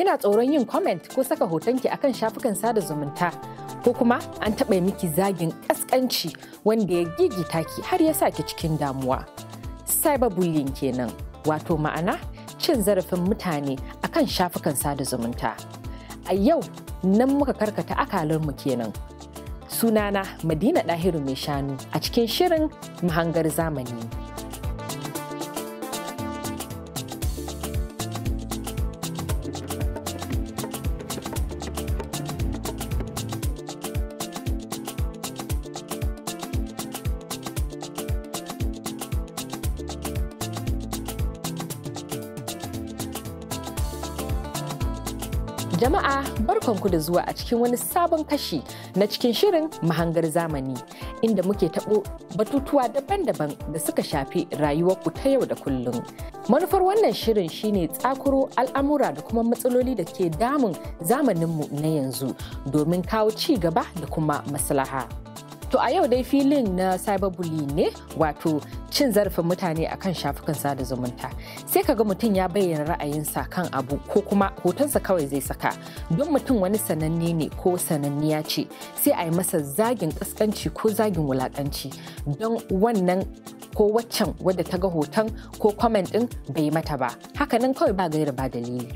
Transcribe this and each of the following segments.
Kina tsoron yin comment ko saka hotonki akan shafukan sada zumunta ko kuma an taɓa miki zagin ƙasƙanci wanda ya gigita ki har ya sa ki cikin damuwa. Cyberbullying kenan, wato ma'ana cin zarafin mutane akan shafukan sada zumunta. A yau nan muka karkata akalarmu kenan. Sunana Madina Ɗahiru mai shanu a cikin shirin mahangar zamani. barkanku da zuwa a cikin wani sabon kashi na cikin shirin mahangar zamani inda muke taɓo batutuwa daban-daban da suka shafi rayuwarku ta yau da kullum. Manufar wannan shirin shine tsakuro al'amura da kuma matsaloli da ke damun zamaninmu na yanzu domin kawo ci gaba da kuma maslaha. To a yau dai filin na cyberbully ne wato cin zarafin mutane a kan shafukan sada zumunta. Sai kaga mutum ya bayyana ra'ayinsa kan abu ko kuma hotonsa kawai zai saka. Don mutum wani sananne ne ko ya ce sai a yi masa zagin kaskanci ko zagin wulakanci don wannan ko waccan wadda ta ga hoton ko kwamen din bai mata ba. Hakanan kawai ba gaira ba dalili.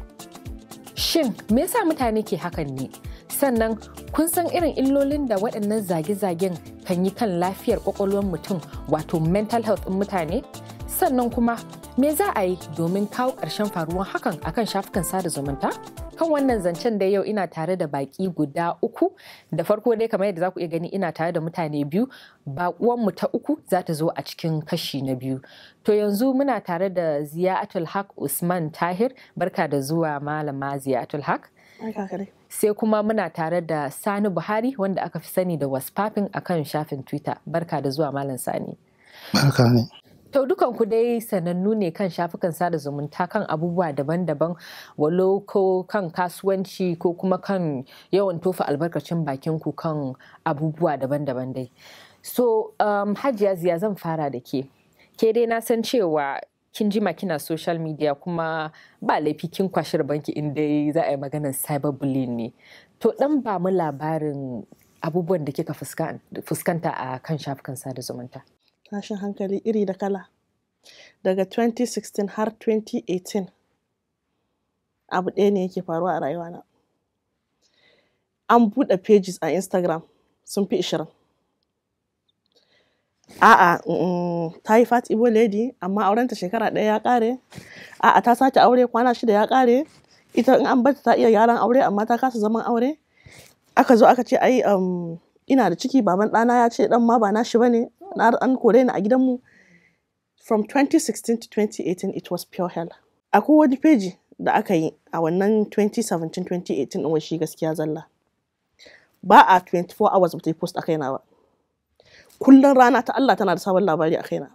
Shin me yasa mutane ke hakan ne? sannan kun san irin illolin da waɗannan zage-zagen kan yi kan lafiyar ƙwaƙwalwar mutum wato mental health ɗin mutane sannan kuma me za a yi domin kawo ƙarshen faruwan hakan akan shafukan sada zumunta kan wannan zancen da yau ina tare da baƙi guda uku da farko dai kamar yadda za ku iya gani ina tare da mutane biyu mu ta uku za ta zo a cikin kashi na biyu to yanzu muna tare da ziya'atul haq usman tahir barka da zuwa malama ziya'atul haq sai kuma muna tare da sani buhari wanda aka fi sani da wasfafin a kan shafin twitter barka da zuwa malam sani barka ne to dukan ku dai sanannu ne kan shafukan sada zumunta kan abubuwa daban-daban walo ko kan kasuwanci ko kuma kan yawan tofa albarkacin bakin ku kan abubuwa daban-daban dai so um, hajiya ziya zan fara da ke ke dai na san cewa kin jima kina social media kuma ba laifi kin da banki in dai za a yi maganar cyberbullying ne to dan ba mu labarin abubuwan da kika fuskanta a kan shafukan sada zumunta tashin hankali iri da kala daga 2016 har 2018 abu ɗaya ne yake faruwa a rayuwa na an buɗe pages a instagram sun fi 20 A'a, ta yi fat ibo lady amma aurenta shekara ɗaya ya ƙare. A'a, ta sake aure kwana shida ya ƙare. Ita in an bata ta iya yaran aure amma ta kasa zaman aure. Aka zo aka ce ai um, ina da ciki baban ɗana ya ce ɗan ma ba nashi bane an kore ni a gidanmu. From 2016 to 2018 it was pure hell. Akwai wani peji da aka yi a wannan 2017-2018 ɗin shi gaskiya zalla. Ba a 24 hours ba ta post a yana ba. Kullum rana ta Allah tana da sabon labari a kaina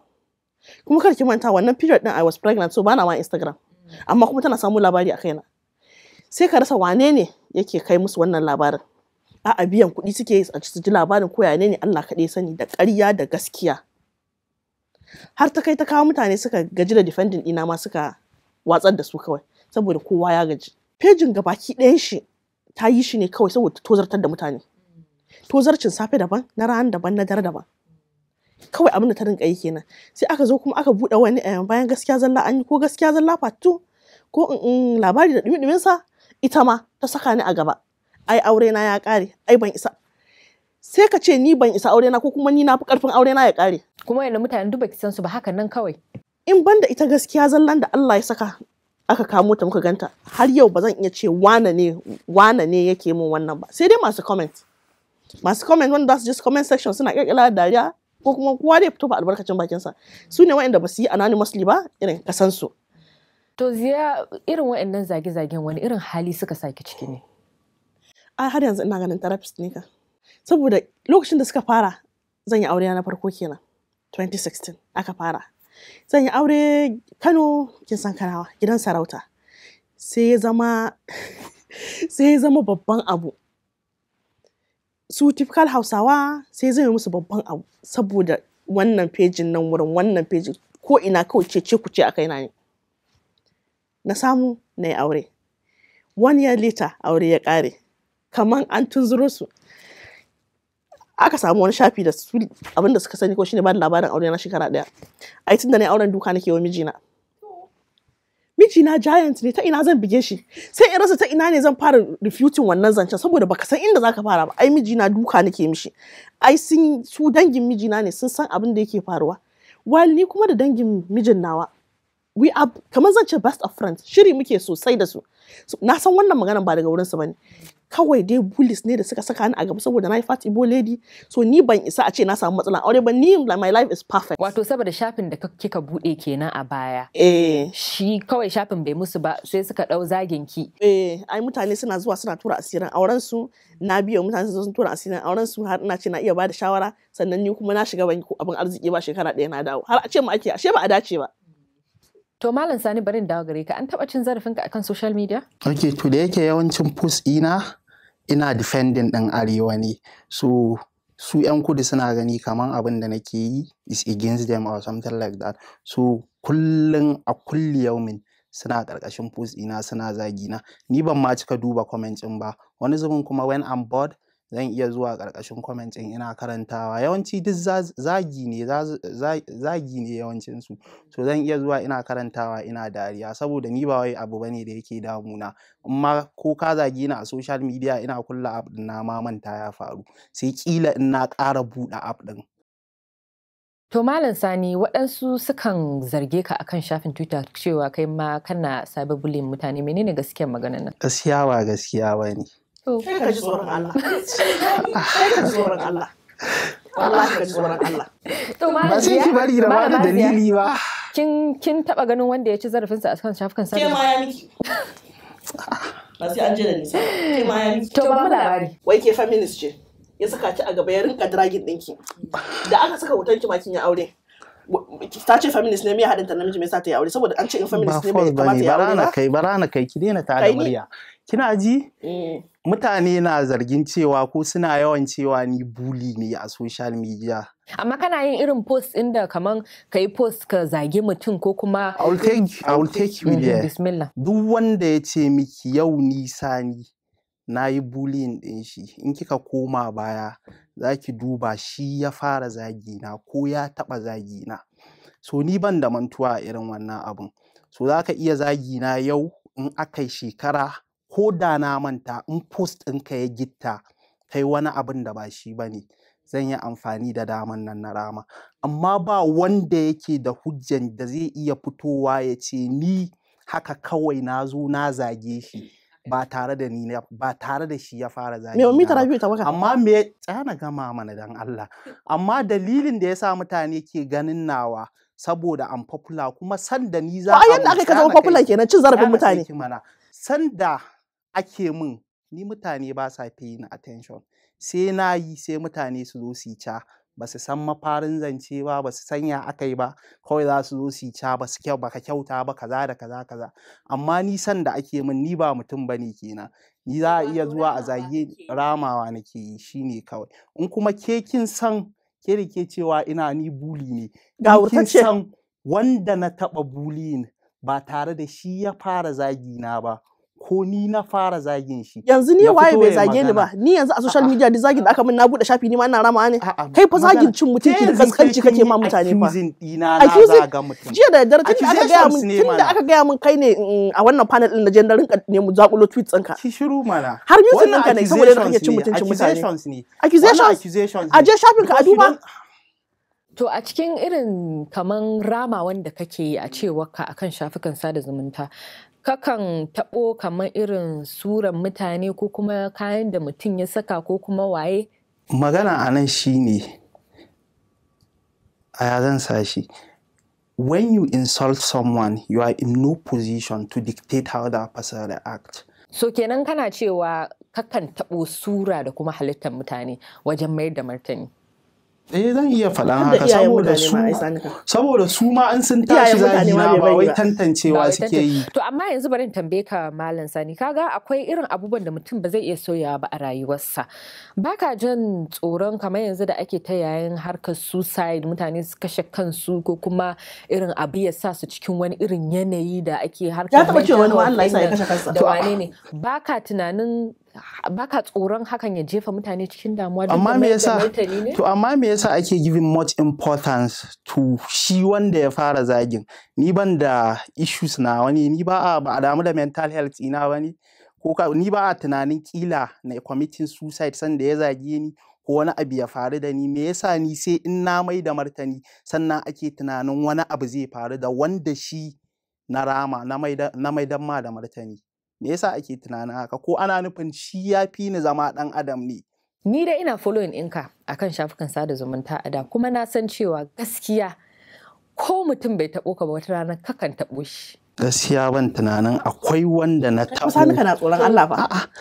kuma kar ki manta wannan period din I was pregnant so bana ma Instagram amma kuma tana samu labari a kaina sai ka rasa wane ne yake kai musu wannan labarin a biyan kuɗi suke a su ji labarin ko ne Allah kaɗai sani da ƙarya da gaskiya har ta kai ta kawo mutane suka gaji da defending ɗina ma suka watsar da su kawai saboda kowa ya gaji pejin gabaki ɗayan shi ta yi shi ne kawai saboda tozartar da mutane tozarcin safe daban na ran daban na dare daban kawai abin da ta rinka yi kenan sai aka zo kuma aka buɗe wani eh, bayan gaskiya zalla an yi ko gaskiya zalla fatu ko mm, mm, labari da dumin sa ita ma ta saka ni a gaba ai aure na ya ƙare ai ban isa sai ka ce ni ban isa aure na ko kuma ni na fi karfin aure na ya kare kuma yanda mutane duba san su ba haka nan kawai in banda ita gaskiya zallan da Allah ya saka aka kamo ta muka ganta har yau ba zan iya ce wane ne wane ne yake mun wannan ba sai dai masu comment masu comment wanda za su just comment section suna kirkira dariya ko kuma kowa ya fito ba albarkacin bakinsa su ne wa'anda ba su yi anonymously ba irin kasan su to ziya irin waɗannan zage-zagen wani irin hali suka sake ciki ne a har yanzu ina ganin therapist ne ka saboda lokacin da suka fara zan yi aure na farko kenan 2016 aka fara zan yi aure kano kin san kanawa gidan sarauta sai ya zama sai ya zama babban abu su typical hausawa sai zai yi musu babban abu saboda wannan fejin nan wurin wannan fejin ko ina kawai ce ce ku ce a kaina ne na samu na yi aure one year later aure ya kare Kamar an tunzuro su aka samu wani shafi da su abinda suka sani ko shine ba da labarin aure na shekara daya ai tun da na yi auren duka nake wa mijina mijina giant ne ta ina zan bige shi sai in rasa ta ina ne zan fara refuting wannan zancen saboda baka san inda zaka fara ba ai mijina duka nake mishi ai sun su dangin mijina ne sun san abin da yake faruwa while ni kuma da dangin mijin nawa we are kamar zance best of friends shiri muke sosai da su na san wannan magana ba daga wurinsu ne kawai dai bullies ne da suka saka ni a gaba saboda na yi fat ibo lady so ni ban isa a ce na samu matsala aure ba ni my life is perfect wato saboda shafin da kika bude kenan a baya eh shi kawai shafin bai musu ba sai suka dau zagin ki eh ai mutane suna zuwa suna tura asirin auren su na biyo mutane sun tura asirin auren su har ina ce na iya bada shawara sannan ni kuma na shiga banki abin arziki ba shekara ɗaya na dawo har a ce mu ake ashe ba a dace ba To Malam Sani barin dawo gare ka an taɓa cin zarafinka akan social media? Ok, to da yake yawancin post ina ina defending ɗin arewa ne. So su 'yan kudu suna gani kaman abin da nake yi is against them or something like that. So kullum a kulli yaumin suna ƙarƙashin post ina suna zagina. Ni ban ma cika duba comment ba. Wani zubin kuma when I'm bored zan iya zuwa karkashin comment ɗin ina karantawa yawanci duk zagi ne zagi ne yawancin su so zan iya zuwa ina karantawa ina dariya saboda ni ba wai abu bane da yake damuna in ko ka zagi ni a social media ina kulla app ɗin na ma manta ya faru sai kila in na ƙara buɗe app ɗin To Malam Sani waɗansu sukan zarge ka akan shafin Twitter cewa kai ma kana cyberbullying mutane menene gaskiyar maganar nan? Gaskiya ba gaskiya ba ne. Kai ka ji tsoron Allah. ji tsoron Allah. ka ji tsoron Allah. Ba sai ki bari da ba da dalili ba. Kin taba ganin wanda ya ci zarafinsa a kan shafukan sa. Ke ma ya miki. Ba sai an je da nisa. Ke ma ya miki. To ba mu labari. Wai ke feminist ce. Ya saka ki a gaba ya rinka dragin ɗinki. Da aka saka hoton ki ma kin yi aure. ta ce feminist ne me haɗin ta namiji me yasa ta yi aure saboda an ce in feminist ne bai kamata ya aure ba kai barana kai ki daina ta da murya kina ji mm. mutane na zargin cewa ko suna yawan cewa ni buli ne a social media amma kana yin irin post ɗin da kaman ka yi post ka zagi mutum ko kuma take, you mhm, duk wanda ya ce miki yau nisa ni na yi buli din shi in kika koma baya za ki duba shi ya fara zagi na ko ya taba zagi na so ni ban da mantuwa irin wannan abun so za ka iya zagi na yau in aka shekara ko da na manta in post ka ya gitta kai wani abin da ba shi ba ne zan yi amfani da daman nan na rama amma ba wanda yake da hujjan da zai iya fitowa ya ce ni haka kawai na zo na zage shi ba tare da ni ba tare da shi ya fara zagi me mita rabiu amma me tsana gama mana dan Allah amma dalilin da yasa mutane ke ganin nawa saboda an popular kuma sanda ni za a da aka zama popular kenan cin zarafin mutane sanda ake min ni mutane ba sa fi attention sai na yi sai mutane su zo su ca ba su san mafarin zance ba ba su sanya aka yi ba kawai za su zo su ca ba su kyau baka kyauta ba kaza da kaza kaza amma ni san da ake min ni ba mutum ba bane kenan ni za a iya zuwa a zage ramawa nake yi shine kawai in kuma ke kin san ke da ke cewa ina ni buli ne kin san wanda na taba buli ba tare da shi ya fara zagi na ba ko ni na fara zagin shi yanzu ni waye bai zage ni ba ni yanzu a social media da zagin da aka min na bude shafi ni ma ina rama ne kai fa zagin cin mutunci da kaskanci kake ma mutane fa a zaga mutum jiya da daddare tun aka gaya min tun da aka gaya min kai ne mm, mm, a wannan panel din da jenda rinka ne mu zakulo tweets ɗinka ki shiru mana har music ɗinka ne saboda kake cin mutuncin mutane accusations ne accusations accusations a je shafin ka a duba To a cikin irin kaman rama wanda kake a cewarka a kan shafukan sada zumunta, kakan taɓo kaman irin suran mutane ko kuma kayan da mutum ya saka ko kuma waye? Magana a nan shi ne, a yazan sashi, when you insult someone, you are in no position to dictate how that person act. So kenan kana cewa kakan taɓo sura da kuma halittar mutane wajen mayar da martani. eh zan iya faɗa haka saboda su saboda su ma an sun tashi zagi na ba wai tantancewa suke yi to amma yanzu bari in tambaye ka malam sani kaga akwai irin abubuwan da mutum ba zai iya soyawa ba a rayuwarsa baka jin tsoron kamar yanzu da ake ta yayin harkar suicide mutane su kashe kansu ko kuma irin abu ya sa su cikin wani irin yanayi da ake harkar ya taba cewa wani Allah ya sa ya kashe kansa to ne baka tunanin baka tsoron hakan ya jefa mutane cikin damuwa da amma me yasa to amma me yasa ake giving much importance to shi wanda ya fara zagin ni ban da issues na wani ni ba a ba damu da mental health ina wani ko ka ni ba a tunanin kila na committing suicide sanda ya zage ni ko wani abu ya faru da ni me yasa ni sai in na mai da martani sannan ake tunanin wani abu zai faru da wanda shi na rama na mai da ma da martani me yasa ake tunanin haka ko ana nufin shi ya fi ni zama ɗan adam ne ni dai ina following ɗinka akan shafukan sada zumunta a da kuma na san cewa gaskiya ko mutum bai taɓo ka ba wata rana kakan taɓo shi gaskiya ban tunanin akwai wanda na taɓo. Kusa na tsoron Allah ba.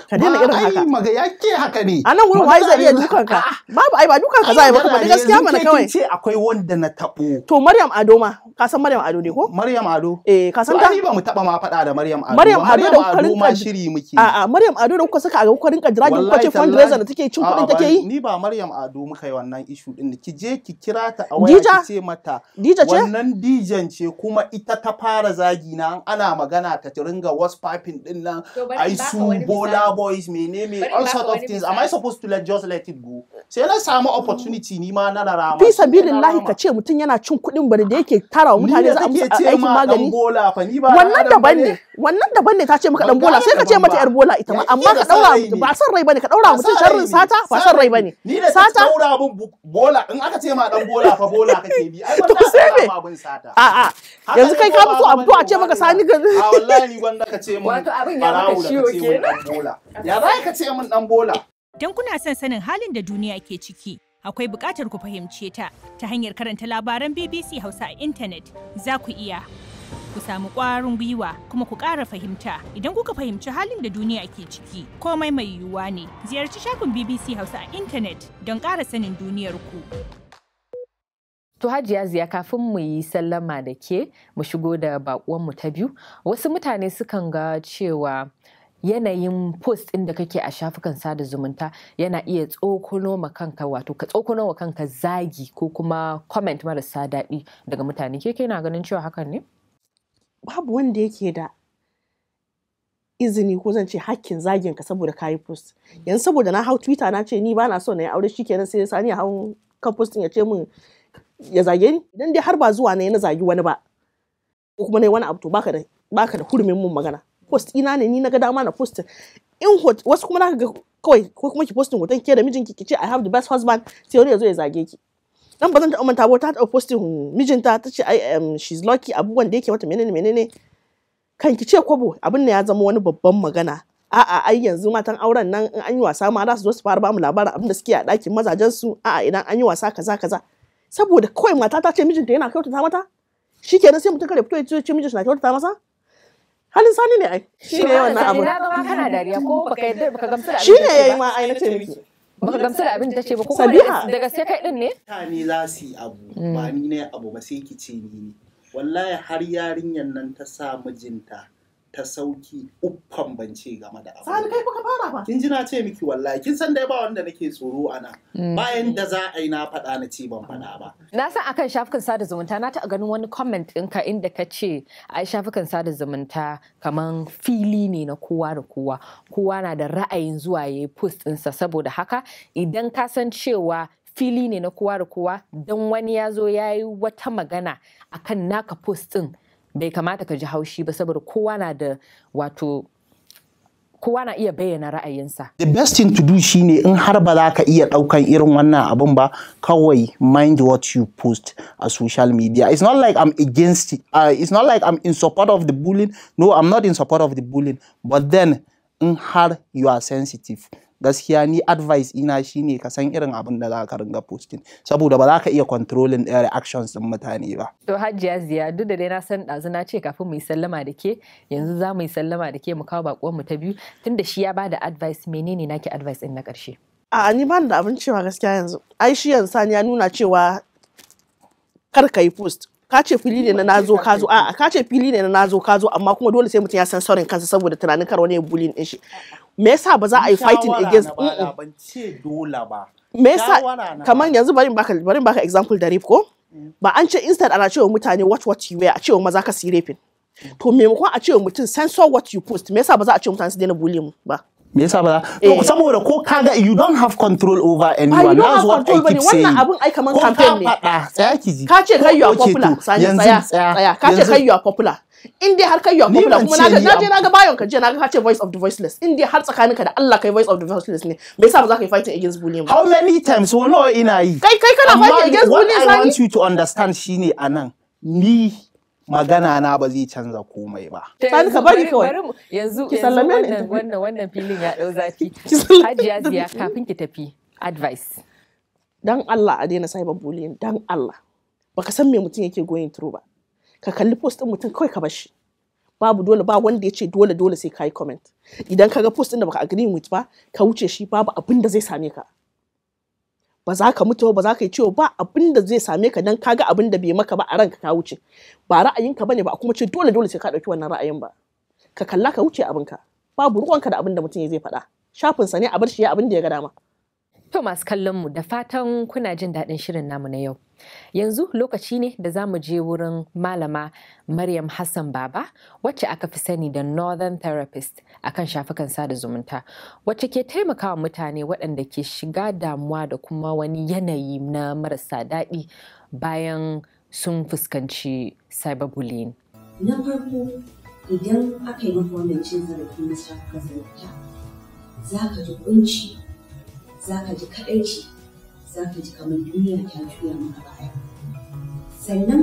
Ka daina irin haka. Ai maga ya ke haka ne. A nan wurin wai zai iya dukan ka. Babu ai ba dukan ka zai ba kuma gaskiya mana kawai. ce akwai wanda na taɓo. To Maryam Ado ma ka san Maryam Ado ne ko? Maryam Ado. Eh ka san ta. ni ba mu taɓa ma faɗa da Maryam Ado. Maryam Ado da kuka rinka shiri muke. A'a Maryam Ado da kuka saka a ga kuka rinka jiragin kuka ce fundraiser da take cin kuɗin take yi. Ni ba Maryam Ado muka yi wannan issue din ki je ki kira ta a waya ki ce mata. Dija ce? Wannan dijan ce kuma ita ta fara na nan ana magana ta ringa was piping din nan ai su bola boys me all sort of things am I supposed to let just let it go sai na samu opportunity ni ma na rama fi sabilillahi ka ce mutum yana cin kuɗin bari da yake tara wa mutane za a aikin magani wannan daban ne wannan daban ne ta ce maka dan bola sai ka ce mata yar bola ita ma amma ka daura mutum ba san rai bane ka daura mutum sharrin sata ba san rai bane sata daura abun bola in aka ce ma dan bola fa bola kake bi ai ba sai sata a a yanzu kai ka fito a fito a ce maka sani ga a wallahi wanda ka ce mun wato abin ya maka ciwo kenan ya za ka ce mun dan bola dan kuna son sanin halin da duniya ke ciki akwai buƙatar ku fahimce ta ta hanyar karanta labaran BBC Hausa a intanet za ku iya ku samu ƙwarin gwiwa kuma ku ƙara fahimta idan kuka fahimci halin da duniya ke ciki komai mai yiwuwa ne ziyarci shafin BBC Hausa a intanet don ƙara sanin duniyar ku. To Hajiya Ziya kafin mu yi sallama da ke mu shigo da mu ta biyu wasu mutane sukan ga cewa yanayin post ɗin da kake a shafukan sada zumunta yana iya tsokono ma kanka wato ka tsokono ma kanka zagi ko kuma comment marasa daɗi daga mutane ke na ganin cewa hakan ne? Babu wanda yake da izini ko zan ce hakkin zagin ka saboda ka yi post yanzu saboda na hau twitter na ce ni ba na so na yi aure kenan sai sani hau kan post ya ce min ya zage ni idan dai har ba zuwa ne na zagi wani ba ko kuma ne wani abu to baka da baka da hurumin mun magana post ina ne ni na ga dama na post in wasu kuma naka ga kawai ko kuma ki posting hoton ke da mijinki ki ce I have the best husband sai wani ya zo ya zage ki dan bazan zan taɓa ba ta taba postin mijinta ta ce I am she's lucky abubuwan da yake wata menene menene kan ki ce kwabo abin ne ya zama wani babban magana a'a ai yanzu matan auren nan in an yi wasa ma za su zo su fara ba mu labarin abin da suke a ɗakin mazajen su a'a idan an yi wasa kaza kaza saboda kawai mata ta ce mijinta yana kyautata mata shi kenan sai mutum kare fito ya ce mijinta na kyautata masa halin sani ne ai shi ne wannan abu kana dariya ko baka yadda baka gamsu da shi ne yayi ma ai ce miki baka gamsu da abin da ce ba ko daga sai kai din ne ne za su yi abu ba ni ne abu ba sai ki ce ni wallahi har yarinyan nan ta sa mijinta ta sauki uffan bance game da abu. Sani kai kuka fara ba. Kin ji na ce miki wallahi kin san dai ba wanda nake tsoro anan mm. Bayan da za a yi na faɗa na ci ban faɗa ba. Na san akan shafukan sada zumunta na ta ganin wani comment ɗinka inda ka ce a shafukan sada zumunta kaman fili ne na kowa da kowa. Kowa na da ra'ayin zuwa ya yi post ɗinsa saboda haka idan ka san cewa fili ne na kowa da kowa don wani ya zo ya yi wata magana akan naka post ɗin. bai kamata ka ji haushi ba saboda kowa na da wato kowa na iya bayyana ra'ayinsa. The best thing to do shine in har ba za ka iya ɗaukan irin wannan abun ba kawai mind what you post a social media. It's not like I'm against it. Uh, it's not like I'm in support of the bullying. No, I'm not in support of the bullying. But then in har you are sensitive. gaskiya ni advice ina shine ka san irin abin da za ka ringa posting saboda ba za ka iya controlling ɗaya reactions din mutane ba to hajiya ziya duk da dai na san ɗazu na ce kafin mu yi sallama da ke yanzu za mu yi sallama da ke mu kawo bakuwan mu ta biyu tunda shi ya bada advice menene ke advice din na ƙarshe a ni ban da abin cewa gaskiya yanzu ai shi yanzu ya nuna cewa kar ka yi post ka ce fili ne na nazo ka zo a'a ka ce fili ne na nazo ka zo amma kuma dole sai mutum ya san saurin kansa saboda tunanin kar wani bullying din shi me yasa ba za a yi fighting against ban ce dole ba me yasa kamar yanzu bari baka bari baka example da rape ko mm. ba an ce instant ana cewa mutane watch what you wear a cewa maza ka si raping mm. to maimakon a cewa mutum censor what you post me yasa ba za a ce mutane su daina bullying ba me yasa ba to eh. saboda ko kaga you don't have control over anyone ah, that's what I keep saying wannan abun ai kaman campaign ne tsaya ki ji ka ce kai you are popular sanya tsaya tsaya ka ce kai you are popular in dai har kai you are popular kuma na je na ga bayon ka je na ga ka voice of the voiceless in dai har tsakaninka da Allah kai voice of the voiceless ne me yasa ba za ka yi fighting against bullying ba how many times wani ina yi kai kai kana fighting against bullying sai what I want you to understand shine anan ni magana na ba zai canza komai ba. Sani ka bari kawai. Yanzu wannan filin ya ɗau zafi. Hajiya ziya kafin ki tafi advice. Dan Allah a daina cyber bullying dan Allah. Baka san me mutum yake going through ba. Ka kalli post ɗin mutum kawai ka bashi. Babu dole ba wanda ya ce dole dole sai ka yi comment. Idan ka ga post ɗin da baka agree with ba ka wuce shi babu abin da zai same ka. ba za ka mutu ba za ka yi ciwo ba abin da zai same ka dan ga abin da bai maka ba a ranka ka wuce ba ra'ayinka bane ba kuma ce dole dole sai ka dauki wannan ra'ayin ba ka kalla ka wuce abinka babu ruwanka da abin da mutum zai faɗa shafinsa ne a bar shi ya abin da ya ga dama to masu kallon mu da fatan kuna jin daɗin shirin namu na yau Yanzu lokaci ne da za mu je wurin malama Maryam Hassan Baba wacce aka fi sani da Northern Therapist a kan shafukan sada zumunta wacce ke taimakawa mutane waɗanda ke shiga damuwa da kuma wani yanayi na marasa daɗi bayan sun fuskanci cyberbullying. Na farko idan aka yi mafi wannan cin zarafi na shafukan zumunta za ka ji kunci za ka ji kaɗaici za ka ji kamar duniya ta juya maka baya sannan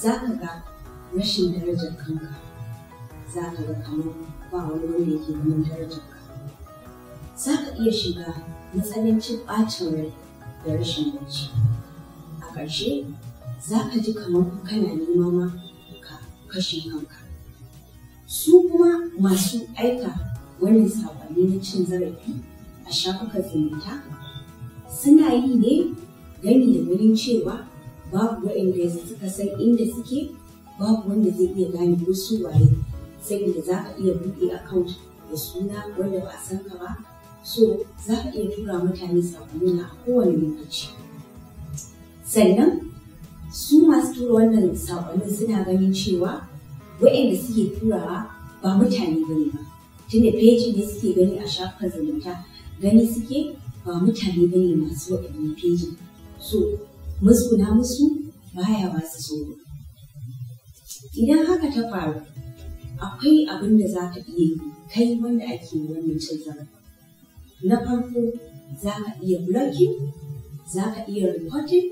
za ka ga rashin darajar kanka za ka ga kamar ba wani wanda yake ganin darajar ka za ka iya shiga matsalancin ɓacin rai da rashin bacci a ƙarshe za ka ji kamar kana nema ma ka kashe kanka su kuma masu aika wannan saƙonni na cin zarafi a shafukan zumunta suna yi ne gani da ganin cewa babu waɗanda yanzu suka san inda suke babu wanda zai iya gane ko su waye saboda za ka iya buɗe account da suna wanda ba a san ka ba so za ka iya tura mutane sakonina a kowane lokaci sannan su masu tura wannan saƙonnin suna ganin cewa waɗanda suke turawa ba mutane bane ba tunda feji ne suke gani a shafukan zumunta gani suke ba mutane ba ne masu waɗannan fejin so masuna musu baya ba su tsoro idan haka ta faru akwai abin da za ka iya yi kai wanda ake wannan cin zarafa. na farko za ka iya blocking za ka iya reporting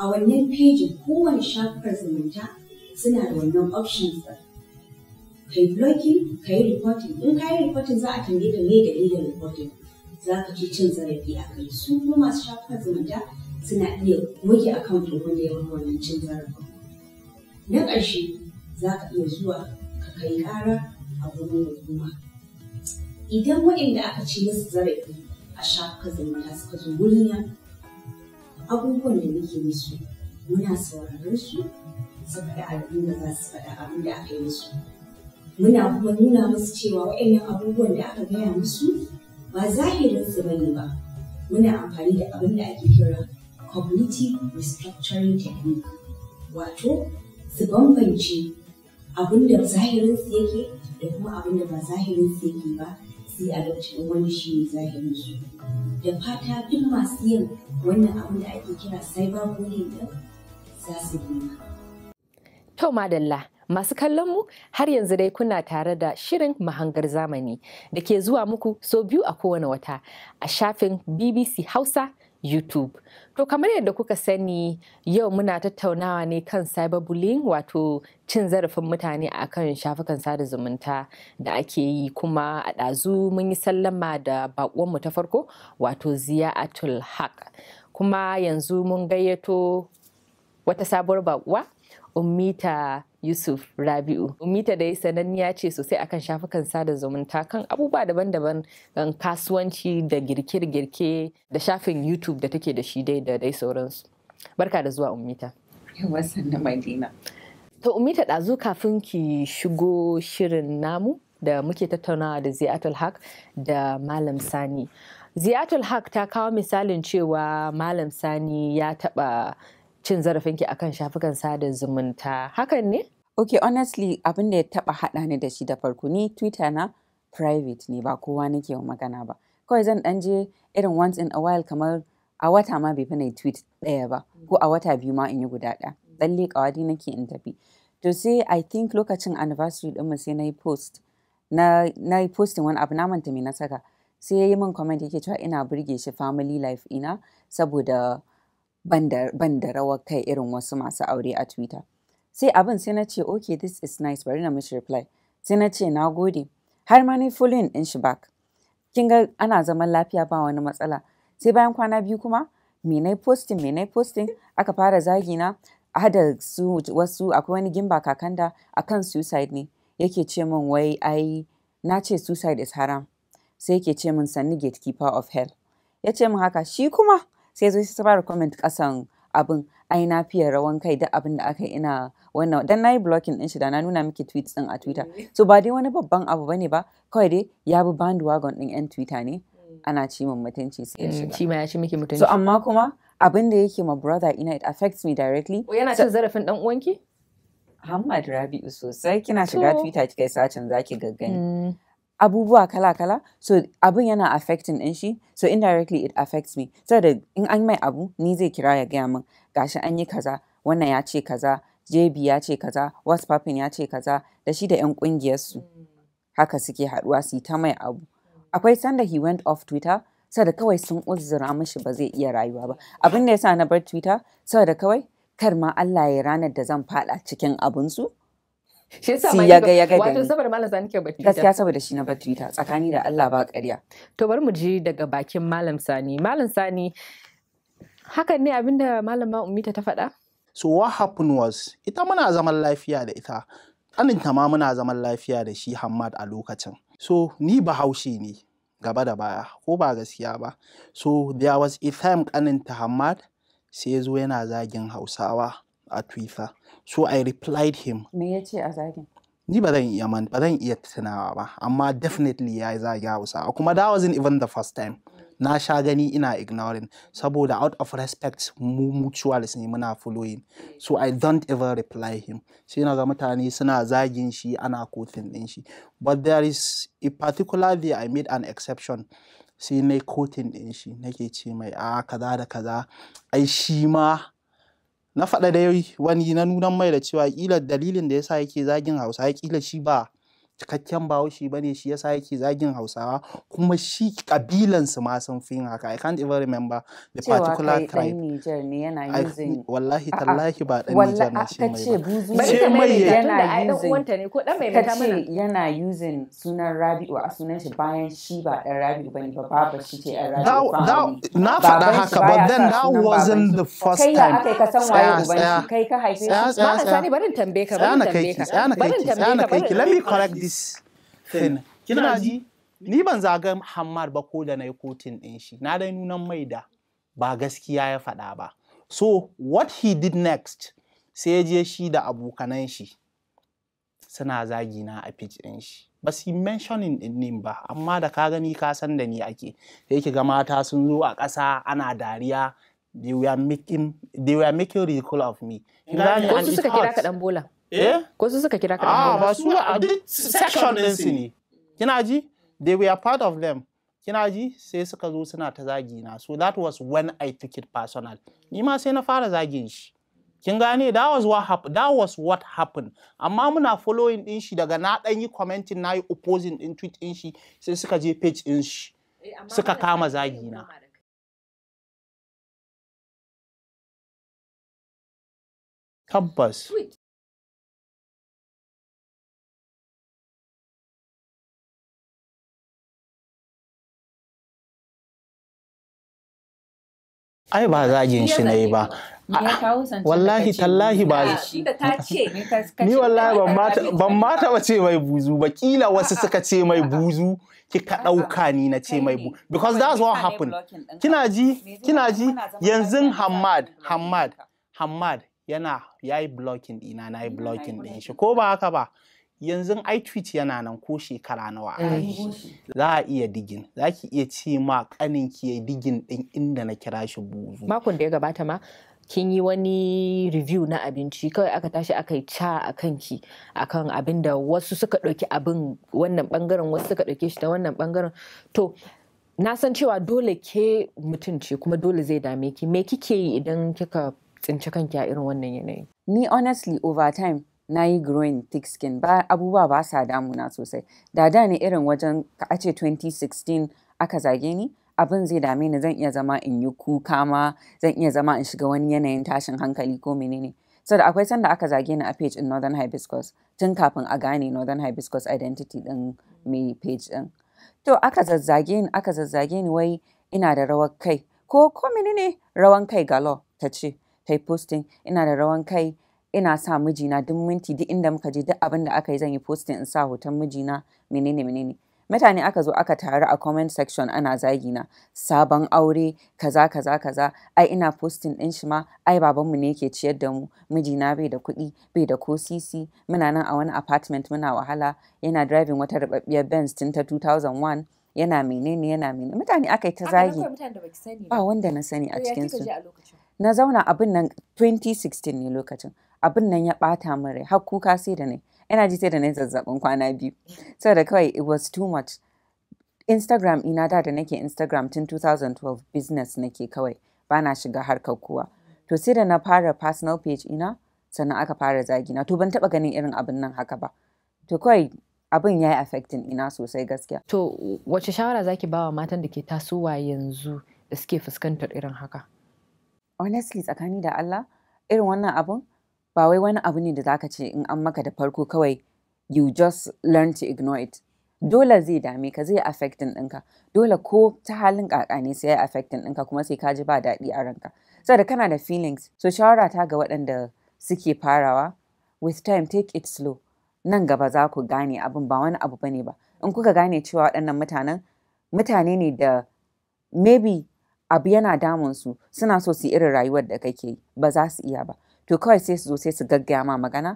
a wannan fejin kowane shafar zumunta suna da wannan options ba. kai blocking kai reporting in kai reporting za a tambaye ka me dalilin reporting za ka ci cin zarafi a kai su kuma masu shafukan zumunta suna iya goge akan ɗin da ya wannan cin zarafi na ƙarshe za ka iya zuwa ka kai ƙara a wurin hukuma idan waɗanda aka ci musu zarafi a shafukan zumunta suka zo wurina abubuwan da muke musu muna sauraron su su al'umma abin da za su faɗa abin da aka yi musu muna kuma nuna musu cewa waɗannan abubuwan da aka gaya musu ba zahirinsu ba ne ba muna amfani da abin da ake kira community restructuring technique wato su bambance abin da zahirinsu yake da kuma abin da ba zahirinsu yake ba sai a lokacin wani shi ne zahirinsu da fata duk masu yin wannan abin da ake kira bullying' din za su yi. Tau madalla. Masu kallon mu har yanzu dai kuna tare da shirin mahangar zamani da ke zuwa muku so biyu a kowane wata a shafin BBC Hausa YouTube. To kamar yadda kuka sani yau muna tattaunawa ne kan cyberbullying wato cin zarafin mutane a kan shafukan sada zumunta da ake yi kuma a ɗazu mun yi sallama da baƙonmu ta farko wato Ziya Atul Haq. Kuma yanzu mun gayyato wata sabuwar baƙuwa Ummita Yusuf Rabi'u. Umita dai sananniya ce sosai akan shafukan sada zumunta kan abubuwa daban-daban kan kasuwanci da girke-girke da shafin YouTube da take da shi dai da dai sauransu. Barka da zuwa Umita. Yawan na Madina. To Umita ɗazu kafin ki shigo shirin namu da muke tattaunawa da Ziatul Haq da Malam Sani. Ziatul Haq ta kawo misalin cewa Malam Sani ya taɓa cin zarafinki akan shafukan sada zumunta hakan ne? Ok, honestly abin da ya taba haɗa ni da shi da farko ni Twitter na private ne ba kowa nake wa magana ba. Kawai zan dan je irin once in a while kamar a wata ma bai fina tweet ɗaya ba ko a wata biyu ma in yi guda ɗaya. Ɗan leƙawa nake in tafi. To sai I think lokacin anniversary ɗinmu sai na yi post. Na, yi postin wani abu na ta me na saka. Sai ya yi min comment yake cewa ina burge shi family life ina saboda ban da rawar kai irin wasu masu aure a Twitter. Sai abin sai na ce, okay, this is nice, bari na mishi reply. Sai na ce, na gode. Har ma ni fulin in shi back. Kin ga ana zaman lafiya ba wani matsala. Sai bayan kwana biyu kuma, me na posting, me na posting, aka fara zagi na, hada su wasu akwai wani gimba kakanda akan suicide ne. Yake ce min wai ai na ce suicide is haram. Sai yake ce min sanni gatekeeper of hell. Ya ce min haka, shi kuma sai zo sai fara comment kasan abin ai na fiye rawan kai da abin da aka ina wannan dan nayi blocking din shi da na nuna miki tweets din a Twitter mm. so ba dai wani babban abu bane ba kawai dai ya bi bandwagon din yan Twitter ne mm. ana ci mun mutunci sai ya mm, shi ma ya ci miki mutunci so amma kuma abin da yake ma brother ina it affects me directly yana cin zarafin dan uwanki Hamad Rabi'u sosai kina shiga Twitter kika yi sacin zaki gaggani abubuwa kala-kala so abun yana affecting din shi so indirectly it affects me so da in an mai abu ni zai kira ya gaya min gashi an yi kaza wannan ya ce kaza JB ya ce kaza whatsapp ya ce kaza da shi da 'yan kungiyarsu haka suke haduwa su ta mai abu akwai sanda he went off twitter da kawai sun uzura mishi ba zai iya rayuwa ba abin da yasa na bar twitter da kawai kar ma Allah ya ranar da zan fada cikin abinsu shi ya ga ya ga wato saboda malam sani ke batrita gaskiya saboda shi na batrita tsakani da Allah ba ƙarya to bari mu ji daga bakin malam sani malam sani hakan ne abinda malama ummita ta faɗa so what happened was ita muna zaman lafiya da ita ta ma muna zaman lafiya da shi Hamad a lokacin so ni bahaushe ne gaba da baya ko ba gaskiya ba so there was a time kaninta Hamad sai ya zo yana zagin Hausawa a twitter so i replied him me ya a zagin ni ba zan iya man ba zan iya tunawa ba amma definitely ya yi zagi hausa kuma that wasn't even the first time na sha gani ina ignoring saboda out of respect mu mutuals ne muna following so i don't ever reply him sai na ga mutane suna zagin shi ana kotin din shi but there is a particular day i made an exception sai na kotin din shi nake ce mai a ah, kaza da kaza ai shi ma na faɗa da wani na nunan mai da cewa ƙila dalilin da yasa yake zagin hausa ya ƙila shi ba cikakken bahaushe ba ne shi yasa yake zagin hausawa kuma shi kabilansu ma sun fi yin haka i can't even remember the particular tribe cewa kai Niger ne yana using wallahi tallahi ba dan Niger ne shi mai ba shi mai ya tunda dan uwanta ne ko dan mai mata mana yana using sunan Rabi'u a sunan shi bayan shi ba dan Rabi'u bane ba baba shi ce dan Rabi'u na faɗa haka but then that wasn't the first time kai ka san waye uban shi kai ka haife shi ba ka sani barin tambaye ka barin tambaye ka barin tambaye ka let me correct is kina ji ni ban zaga hammar ba ko da na yi kotin ɗin shi na dai nunan mai da ba gaskiya ya faɗa ba so what he did next sai ya je shi da abokanan shi suna zagi na a pitch ɗin shi ba su mentioning ɗin nin ba amma da ka gani ka san da ni ake sai ki ga mata sun zo a ƙasa ana dariya they were making they were making ridicule of me. Wasu suka kira ka dan bola. e ko su suka kira kaɗan a ah, ba su a duk section din su ne kina ji they were part of them kina ji sai suka zo suna ta zagi na so that was when i took it personal ni ma sai na fara zagin shi kin gane that was what happened that was what happened amma muna following din shi daga na dan yi commenting na yi opposing ɗin tweet din shi sai suka je page in shi eh, suka kama zagi na tabbas ai ba zagin shi ne ba wallahi tallahi ba ni wallahi ban ma taɓa ce mai buzu ba kila wasu suka ce mai buzu kika ɗauka ni na ce mai buzu. because that's what happened kina ji yanzu hamad hamad hamad yana yayi blocking ɗina na yi blocking ɗin shi ko ba haka ba yanzu ai yana nan ko shekara nawa za a iya digin za ki iya ce ma kanin ki digin din inda na kira shi buzu makon da ya gabata ma kin yi wani review na abinci kawai aka tashi aka yi ca a kanki akan abin da wasu suka ɗauki abin wannan bangaren wasu suka ɗauke shi ta wannan bangaren to na san cewa dole ke mutum ce kuma dole zai dame ki me kike yi idan kika tsinci kanki a irin wannan yanayi ni honestly over time na yi growing thick skin ba abubuwa ba sa damuna sosai da da ne irin wajen a ce 2016 aka zage ni abin zai dame ni zan iya zama in yi kuka ma zan iya zama in shiga wani yanayin tashin hankali ko menene so da akwai sanda aka zage ni a page in northern hibiscus tun kafin a gane northern hibiscus identity din me page din to aka zazzage ni aka zazzage ni wai ina da rawar kai ko ko menene rawan kai galo ta ce ta yi posting ina da rawan kai ina sa mijina duk minti duk inda muka je duk abin da aka yi zan yi posting in sa hoton mijina menene menene mutane aka zo aka taru a comment section ana zagi na sabon aure kaza kaza kaza ai ina posting din shi ma ai babanmu ne yake ciyar da mu mijina bai da kuɗi bai da ko cc muna nan a wani apartment muna wahala yana driving wata rubabbiyar benz tun ta 2001 yana menene yana menene mutane aka yi ta zagi ba wanda na sani a cikin su na zauna abin nan 2016 ne lokacin abin nan ya bata min rai har kuka sai da ni. ina ji sai da ni zazzabin kwana biyu saboda kawai it was too much Instagram ina da da nake Instagram tun 2012 business nake kawai bana shiga harkar kowa to sai da na fara personal page ina sannan aka fara zagina to ban taba ganin irin abin nan haka ba to kawai abin ya yi affecting ina sosai gaskiya to wace shawara zaki bawa matan da ke tasowa yanzu da suke fuskantar irin haka honestly tsakani da Allah irin wannan abun ba wai wani abu ne da zaka ce in an maka da farko kawai you just learn to ignore it dole zai dame ka zai affecting ɗinka dole ko ta halin ƙaƙa ne sai ya affecting ɗinka kuma sai ka ji ba daɗi a ranka saboda kana da feelings so shawara ta ga waɗanda suke farawa with time take it slow nan gaba za ku gane abin ba wani abu bane ba in kuka gane cewa waɗannan mutanen mutane ne da maybe abu yana damun su suna so su irin rayuwar da kake yi ba za su iya ba to kawai sai su zo sai su gaggaya ma magana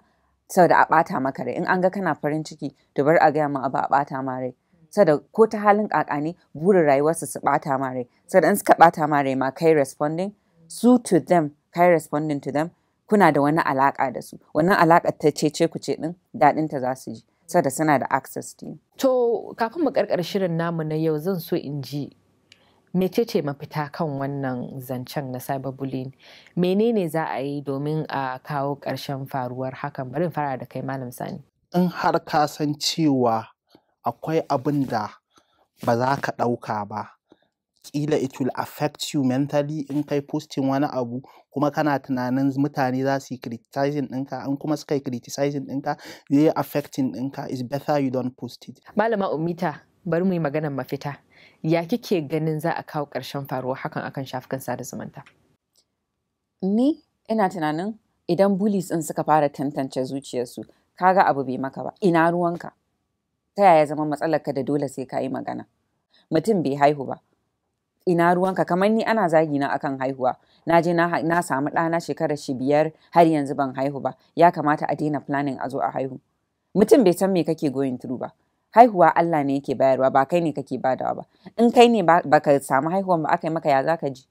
saboda a bata maka rai in an ga kana farin ciki to bar a gaya ma abu a bata ma rai saboda ko ta halin kaka ne burin rayuwarsu su bata ma rai saboda in suka ɓata ma rai ma kai responding su to them kai responding to them kuna da wani alaka da su wannan alaƙar ta cece ku ce din, ɗin ta za su ji saboda suna da access to To kafin mu karkar shirin namu na yau zan so in ji mecece mafita kan wannan zancen na cyberbullying menene za a yi domin a kawo karshen faruwar hakan bari fara da kai malam sani in har ka san cewa akwai abin da ba za ka ɗauka ba kila it will affect you mentally in kai posting wani abu kuma kana tunanin mutane za su yi criticizing ɗinka in kuma suka yi criticizing ɗinka zai affecting ɗinka is better you don't post it malama umita bari mu yi maganar mafita ya kike ganin za a kawo ƙarshen faruwa hakan akan shafukan sada zumunta ni ina tunanin idan bullies ɗin suka fara tantance zuciyarsu kaga abu bai maka ba ina ruwanka ta yaya zama matsalar ka da dole sai ka yi magana mutum bai haihu ba ina ruwanka kamar ni ana zagi na akan haihuwa na je na samu ɗana shekarar shi biyar har yanzu ban haihu ba ya kamata a daina planning a zo a haihu mutum bai san me kake going through ba haihuwa Allah ne yake bayarwa ba kai ne kake badawa ba in kai ne ba ka samu haihuwan ba aka yi maka ya za ka ji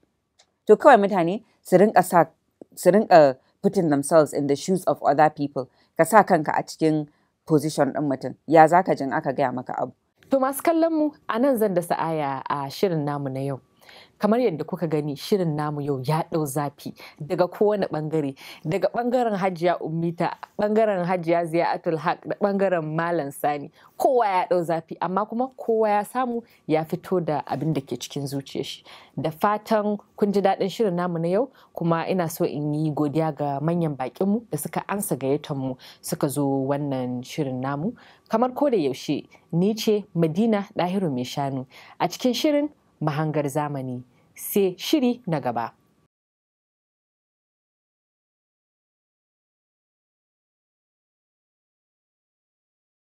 to kawai mutane su rinka sa putting themselves in the shoes of other people ka sa kanka a cikin position ɗin mutum ya za ka jin aka gaya maka abu to masu kallon mu a nan zan da sa'aya a shirin namu na yau kamar yadda kuka gani shirin namu yau ya ɗau zafi daga kowane ɓangare daga ɓangaren hajiya umita ɓangaren hajiya atul haq da ɓangaren malam sani kowa ya ɗau zafi amma kuma kowa ya samu ya fito da abin da ke cikin zuciyar shi da fatan kun ji daɗin shirin namu na yau kuma ina so in yi godiya ga manyan baƙinmu da suka ansa gayyatar mu suka zo wannan shirin namu kamar ko da yaushe ni ce madina ɗahiru mai shanu a cikin shirin mahangar zamani sai shiri na gaba.